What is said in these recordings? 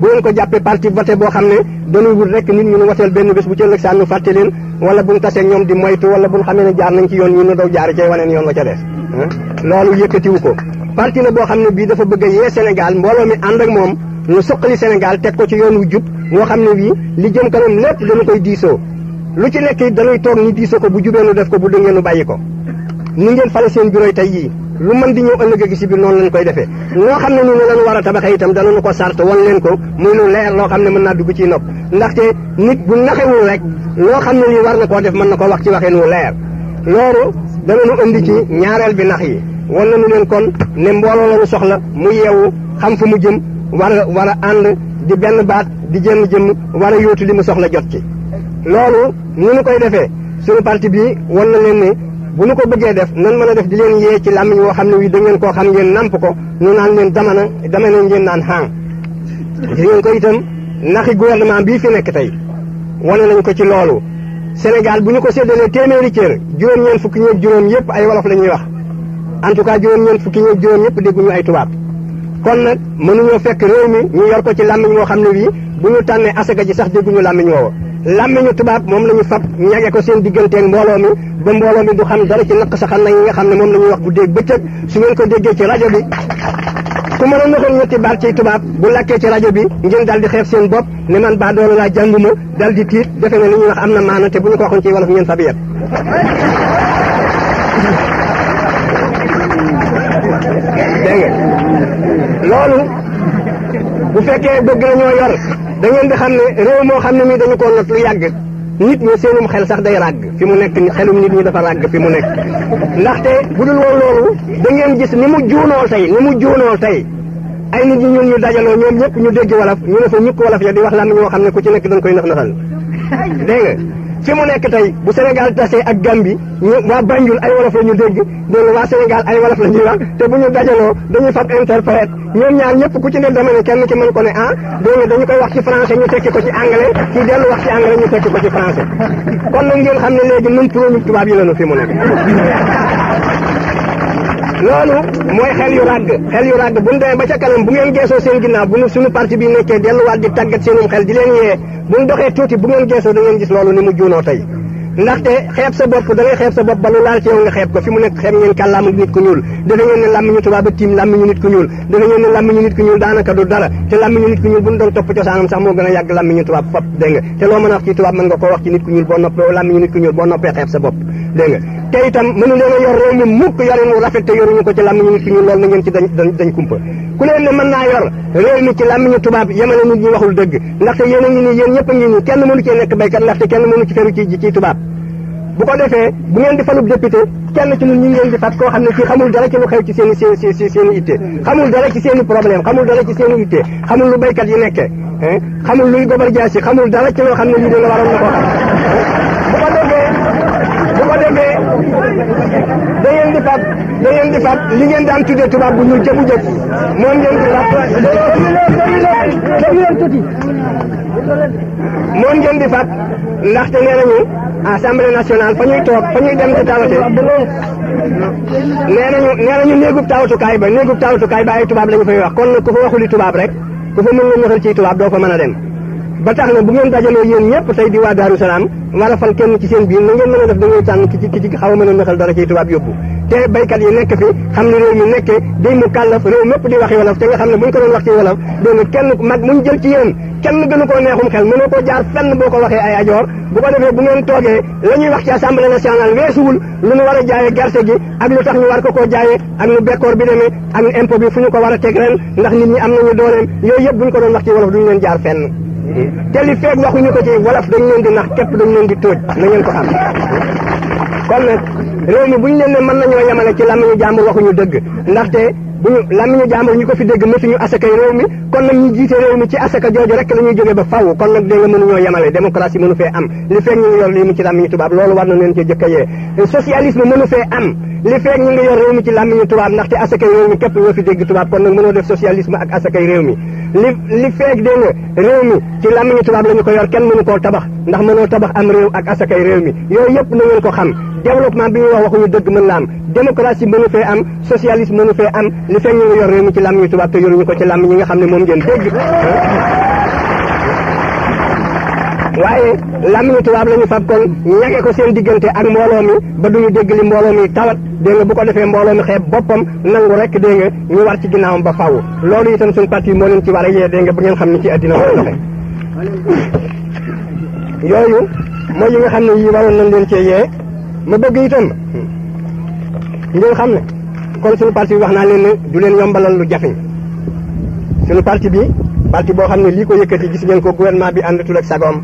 bu leen ko jàppee parti voté boo xam ne dañuy wut rek nit ñu nu woteel benn bés bu ci ëllëg saa ñu fàtte leen wala buñ tasee ñoom di moytu wala buñ xamee ne jaar nañ ci yoon ñu nu daw jaar cay waneen yoon wa ca des loolu yëkkatiwu ko parti la boo xam ne bii dafa bëgg yee Sénégal mbooloo mi ànd ak moom nu suqali Sénégal teg ko ci yoon wu jub moo xam ne bii li jëm kanam lépp dañu koy diisoo lu ci nekk it dañuy toog ñu diisoo ko bu jubee nu def ko bu dëngee nu bàyyi ko ni ngeen seen bureau tey yii lu man di ñëw ëllëg gi si biir noonu lañ koy defee xam ne nu lañ war a tabaxee itam danañu ko sart wan leen ko muy lu leer loo xam ne mën naa dugg ciy nopp ndaxte nit bu naxewul rek loo xam ne lii war na koo def man na ko wax ci waxeen wu leer loolu danañu indi ci ñaareel bi nax yi wan nu leen kon ne mbooloo lañu soxla mu yeewu xam fu mu jëm war a war a ànd di benn baat di jëmm jëmm war a yóotu li soxla jot ci loolu ni ñu koy defee suñu parti bi wan na leen ne bu nu ko bëggee def nan man a def di leen yee ci làmmiñ woo xam ne wii da ngeen koo xam ngeen namp ko nu naan leen damana damana ngeen naan xaang di ngeen ko itam naxi gouvernement bii fi nekk tey wane nañ ko ci loolu Sénégal bu ñu ko séddalee téeméeri cër juróom-ñeent fukki ñeeg juróom yëpp ay wolof la ñuy wax en tout cas juróom-ñeent fukki ñeeg juróom yëpp dégguñu ay tubaab kon nag mënuñoo fekk réew mi ñu yor ko ci làmmiñ woo xam ne wii bu ñu tànnee asaka ji sax dégguñu làmmiñ woowa làmmiñu tubaab moom la ñu fab ñage ko seen digganteeg mbooloo mi ba mbooloo mi du xam dara ci naq saxal na yi nga xam ne moom la wax bu dégg su ngeen ko déggee ci rajo bi ku mënoon waxoon ñetti baat ci tubaab bu lakkee ci rajo bi ngeen daal di xeeb seen bopp ne man baa doon laa jànguma daal di tiit defe ne li ñuy wax am na maana te bu ñu ko waxoon ci wolof ngeen fab yet dégg nga loolu bu fekkee bëgg nañoo yor da ngeen di xam ne réew moo xam ne mii dañu koo not lu yàgg nit ñi seenum xel sax day ràgg fi mu nekk xelum nit ñi dafa ràgg fi mu nekk ndaxte bu dul woon loolu da ngeen gis ni mu juunoo tey ni mu juunoo tey ay nit ñi ñun ñu dajaloo ñoom ñëpp ñu dégg wolof ñu ne fa ñukk wolof ya di wax lan ñoo xam ne ku ci nekk dañ koy nax naxal dégg nga fi mu nekk tey bu Sénégal tasee ak Gambie ñu waa Banjul ay wolof la ñu dégg dégg waa Sénégal ay wolof la ñuy wax te bu ñu dajaloo dañuy fab interprète ñoom ñaar ñëpp ku ci ne dama ne kenn ci mën ko ne ah dégg dañu koy wax ci français ñu tekki ko ci anglais ci dellu wax ci anglais ñu tekki ko ci français kon nag ngeen xam ne léegi nun pro tubaab yi lañu fi mu nekk loolu mooy xel yu ràgg xel yu ràgg bu ñu demee ba ca kanam bu ngeen geesoo seen ginnaaw bu ñu suñu parti bi nekkee delluwaat di tàggat seenum xel di leen yee bu ñu doxee tuuti bu ngeen geesoo da gis loolu ni mu juunoo tey ndaxte xeeb sa bopp da xeeb sa bopp ba lu laal ci yow nga xeeb ko fi mu nekk xeeb ngeen kàllaamu nit ku ñuul dafa ngeen nit ku ñuul dafa ngeen nit ku ñuul daanaka du dara te làmmiñu nit ku ñuul bu ñu doon topp cosaanam a a wax ci tubaab mën nga koo te itam mënu a yor réew mi mukk yorin wu rafet te yoruñu ko ci làmmiñu nit ñu lool na ngeen ci dañ dañ kumpa ku leen ne mën naa yor réew mi ci làmmiñu tubaab yemale nit ñi waxul dëgg ndaxte yéen a ngi nii yéen ñëpp a nii kenn mënu cee nekk béykat ndaxte kenn mënu ci feru ci ci tubaab bu ko defee bu ngeen di falub député kenn ci ñun ñu ngi leen di fat koo xam ne kii xamul dara ci lu xew ci seen i seen i i itte xamul dara ci seen i problème xamul dara ci seen i itte xamul lu béykat da ngeen di fab da di fab li ngeen daan tuddee tubaab bu ñuul jëmu jëf moom ngeen di moom ngeen di fab ndaxte nee nañu assemblée nationale fa ñuy toog fa ñuy dem di tawate nee nañu nee nañu néegub tawatukaay ba néegub tawatukaay ba ay tubaab la ñu fay wax kon ku fa waxuli tubaab rek ku fa mën la ñëxal ciy tubaab doo fa mën a dem ba tax na bu ngeen dajaloo yéen ñëpp tey di waa Daaru Salaam kenn ci seen biir na ngeen mën a def da ngay tànn ki ci ki a mën a nëxal dara ci tubaab yóbbu te baykat yi nekk fi xam ne réew mi nekkee day mu kàllaf réew mépp di waxi wolof te nga xam ne bu ñu ko doon wax ci wolof doona kenn mag muñ jël ci yéen kenn gënu koo neexum xel mënoo koo jaar fenn boo ko waxee ay ajoor bu ko defee bu ngeen toogee la wax ci assemblée nationale weesuwul lu a jaayee gerte gi ak lu tax ñu war ko koo jaayee ak nu bekkoor bi demee ak a teg te li feeg waxuñu ko ci wolof dañ leen di nax képp dañ leen di tóoj na ngeen ko xam kon nag réew mi bu ñu leen mën nañoo yemale ci làmmiñu jàmbur waxuñu dëgg ndaxte bu ñu làmmiñu jàmbur ñu ko fi dégg mësuñu asaka réew mi kon nag ñu jiite réew mi ci asaka jooju rek la ñuy ba faw kon nag dégg nga mënuñoo yemale démocratie mënu fee am li feeg ñu ngi yor lii mu ci làmmiñu tubaab loolu war na leen ci jëkkëyee socialisme mënu fee am li feeg ñu ngi yor réew mi ci làmmiñu tubaab ndaxte asakay réew mi képp ñoo fi dégg tubaab kon nag mënoo def socialisme ak asakay réew mi li li feeg dégg réew mi ci làmmiñu tubaab la ko yor kenn mënu koo tabax ndax mënoo tabax am réew ak asakay réew mi yooyu yëpp na ngeen ko xam développement bi ñuy wax waxuñu dëgg mën la am démocratie mënu fee am socialisme mënu fee am li feeg ñu ngi yor réew mi ci làmmiñu tubaab te yoruñu ko ci làmmiñ nga xam ne moom ngeen dégg waaye làmmiñu tubaab la ñu fab kon ñage ko seen diggante ak mbooloo mi ba duñu dégg li mbooloo mi tawat dégg nga bu ko defee mbooloo mi xeeb boppam nangu rek dégg nga ñu war ci ginnaawam ba faaw loolu itam suñu parti moo leen ci war a yee dégg nga bu ngeen xam ni ci addina mooy xam ne yii waroon nañ leen cee yee ma bëgg itam xam ne kon suñu parti wax naa leen du leen yombalal lu jafe suñu parti bi parti boo xam ne lii ko yëkkati gis ngeen ko gouvernement bi ànd ak sagoom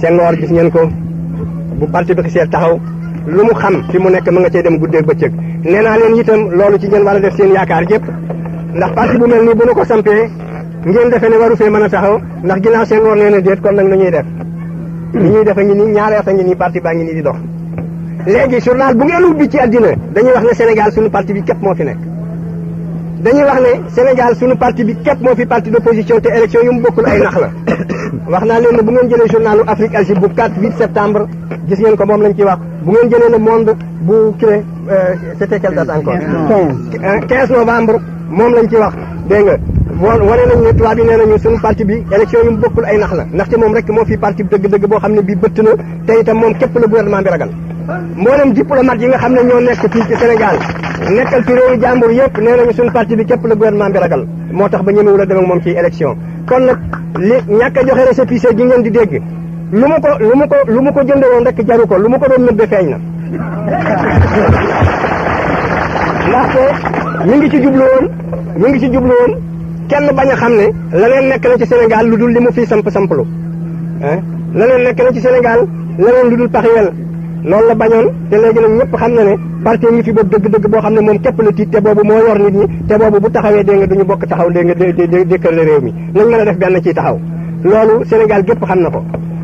Senghor gis ngeen ko bu parti bi xisee taxaw lu mu xam fi mu nekk ma nga cay dem guddeeg bëccëg nee naa leen itam loolu ci ngeen war a def seen yaakaar yëpp ndax parti bu mel nii bu nu ko sampee ngeen defee ne waru fee mën a taxaw ndax ginnaaw Senghor nee na déet kon nag nu ñuy def li ñuy def a ngi nii ñaareel a ngi nii parti baa ngi nii di dox léegi journal bu ngeen ubbi ci àddina dañuy wax ne Sénégal sunu parti bi képp moo fi nekk dañuy wax ne Sénégal suñu parti bi képp moo fi parti d'opposition te élection yu mu bokkul ay nax la wax naa leen ne bu ngeen jëlee journalu Afrique Algérie bu 4 8 septembre gis ngeen ko moom lañ ci wax bu ngeen jëlee le monde bu crée euh, c'était quelle date encore 15 15 novembre moom lañ ci wax dégg nga wane nañ ne tubaab yi nee nañu suñu parti bi élection yu mu bokkul ay nax la ndaxte moom rek moo fi parti bi dëgg-dëgg boo xam ne bii bëtt na te itam moom képp la gouvernement bi ragal mboolem diplomate yi nga xam ne ñoo nekk fii ci nekkal ci réewu jàmbur yépp nee nañu suñ parti bi képp la gouvernement bi ragal moo tax ba ñemewul a dem ak moom ci élection kon nag li ñàkk a joxe récépissé gi ngeen di dégg lu mu ko lu mu ko lu mu ko jënde woon rek jaru ko lu mu ko doon nëbbe feeñ na ndaxte ñu ngi ci jublu woon ñu ngi ci jublu woon kenn bañ a xam ne la leen nekk na ci Sénégal lu dul li mu fii samp samplu la leen nekk na ci Sénégal la leen lu dul loolu la bañoon te léegi nag ñëpp xam na ne parti ngi fi boobu dëgg-dëgg boo xam ne moom képp la tiit te boobu moo yor nit ñi te boobu bu taxawee dégg nga duñu bokk taxaw dégg nga dëkkal réew mi lañ mën a def benn ciy taxaw loolu sénégal gépp xam na ko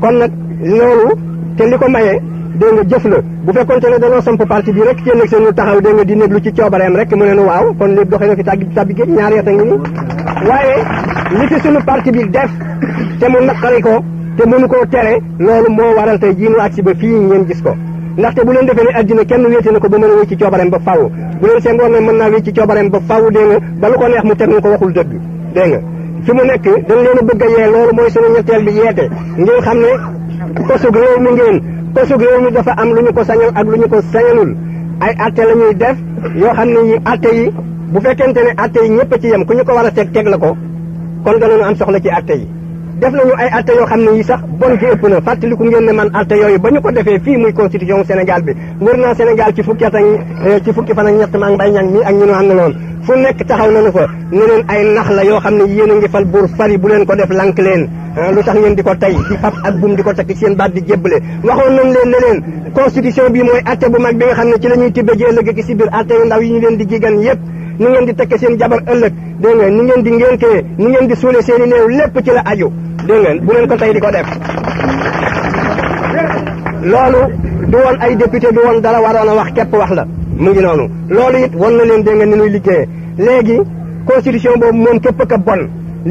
kon nag loolu te li ko mayee dégg nga jëf la bu fekkonte ne dañoo samp parti bi rek kenn ak seen taxaw dégg nga di néglu ci coobareem rek mu ne waaw kon lépp doxee na fi tàgg tàbbi géej ñaar at ngi ni waaye li fi sunu parti bi def te mu naqari ko te mënu koo tere loolu moo waral tey jii nu ba fii ngeen gis ko ndaxte bu leen defee ne addina kenn wéete na ko ba mën a wéy ci coobareem ba faaw bu leen sengoor ne mën naa wéy ci coobareem ba faaw dégg ba lu ko neex mu teg ko waxul dëgg dégg nga mu nekk dañ leen a yee loolu mooy sunu ñetteel bi yeete ngeen xam ne kosug réew mi ngeen kosug réew dafa am lu ñu ko sañal ak lu ñu ko sañalul ay atte la ñuy def yoo xam ne yi bu fekkente ne atte yi ñëpp a ci ku ko war a teg teg la ko kon danañu am soxla ci atte yi def nañu ay alte yoo xam yi sax bon gi ëpp na fàttaliku ngeen ne man alte yooyu ba ñu ko defee fii muy constitution Sénégal bi wër naa Sénégal ci fukki at ak eh, ci fukki fan ak ñett maa ngi bay ñang mi ak ñu nu àndaloon fu nekk taxaw nañu ko ne leen ay nax la yoo xam ne yéen a ngi fal buur fari bu leen ko def lank leen eh, lu tax ngeen di ko tey di ak bum di ko takk seen baat di jébbale waxoon nañ leen leen constitution bi mooy atte bu mag bi nga xam ne ci la ñuy tibbe jee lëgg ci biir atte yu ndaw yi ñu leen di gigan yépp ni ngeen di tekke seen jabar ëllëg dégg nga ni ngeen di ngéntee ni ngeen di suule seen i néew ci la aju dégg bu leen ko tey di ko def loolu du woon ay député du woon dara waroon a wax képp wax la mu ngi noonu loolu it wan na leen dégg ngeen ni nuy liggéeyee léegi constitution boobu moom képp ka bon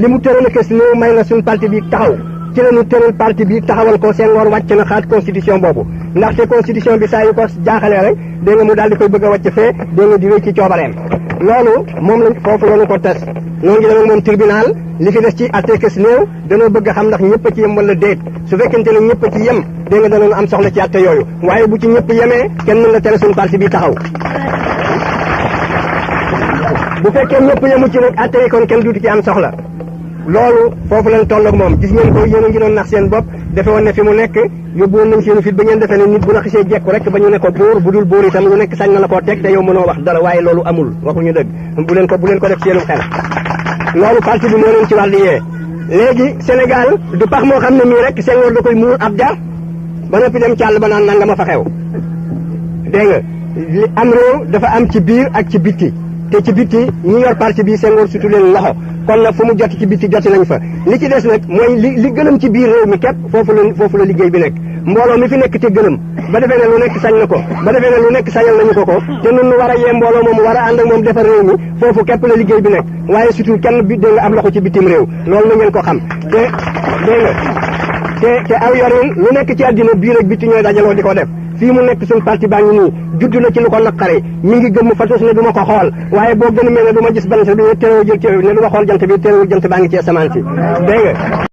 li mu tëral a kës néew may na suñ parti bi taxaw ci la ñu tëral parti bi taxawal ko Senghor wàcc na xaat constitution boobu ndaxte constitution bi saa yu ko jaaxalee rek dégg mu daal di koy bëgg a wàcc fee dégg nga di wéy ci coobareem loolu moom lañ foofu noo ngi dem ak moom tribunal li fi des ci attekas néew danoo bëgg a xam ndax ñëpp a ci yem wala déet su fekkente ne ñëpp a ci yem dégg nga danoon am soxla ci atte yooyu waaye bu ci ñëpp yemee kenn mën la teleson suñu parti taxaw bu fekkee ñëpp yemu ci nag atte yi kon kenn duuti ci am soxla loolu foofu lañ toll ak moom gis ngeen ko yéen a ngi doon nax seen bopp defe woon ne fi mu nekk yóbbu woon nañ seenu fit ba ngeen defee ne nit bu la xisee jekku rek ba lu nekk sañ na la koo teg te yow mënoo wax dara waaye loolu amul waxuñu leen ko bu leen ko loolu parti bi moo leen ci wàll yee léegi Sénégal du pax moo xam ne mii rek Senghor da koy muur ab jar ba noppi dem càll ba naan nanga fa xew dégg nga li am réew dafa am ci biir ak ci bitti te ci bitti ñi yor parti bi Senghor surtout leen loxo kon nag fu mu jot ci bitti jot nañ fa li ci des nag mooy li li gënam ci biir réew mi képp foofu la foofu la liggéey bi nekk mbooloo mi fi nekk ca gëlëm ba defee ne lu nekk sañ na ko ba defee ne lu nekk sañal nañu ko ko te nun nu a yee mbooloo moom war a ànd ak moom defar réew mi foofu képp la liggéey bi nekk waaye surtout kenn bi dégg nga loxo ci bitim réew loolu na ngeen ko xam te dégg nga te te aw yorin lu nekk ci àddina biir ak bitti ñooy dajaloo di ko def fii mu nekk suñu parti baa ngi nii judd na ci lu ko naqari mi ngi gëmm fatus ne du ma ko xool waaye boo gën a mel ne du gis bant bi ne terewul jël ci jant baa ngi ci asamaan si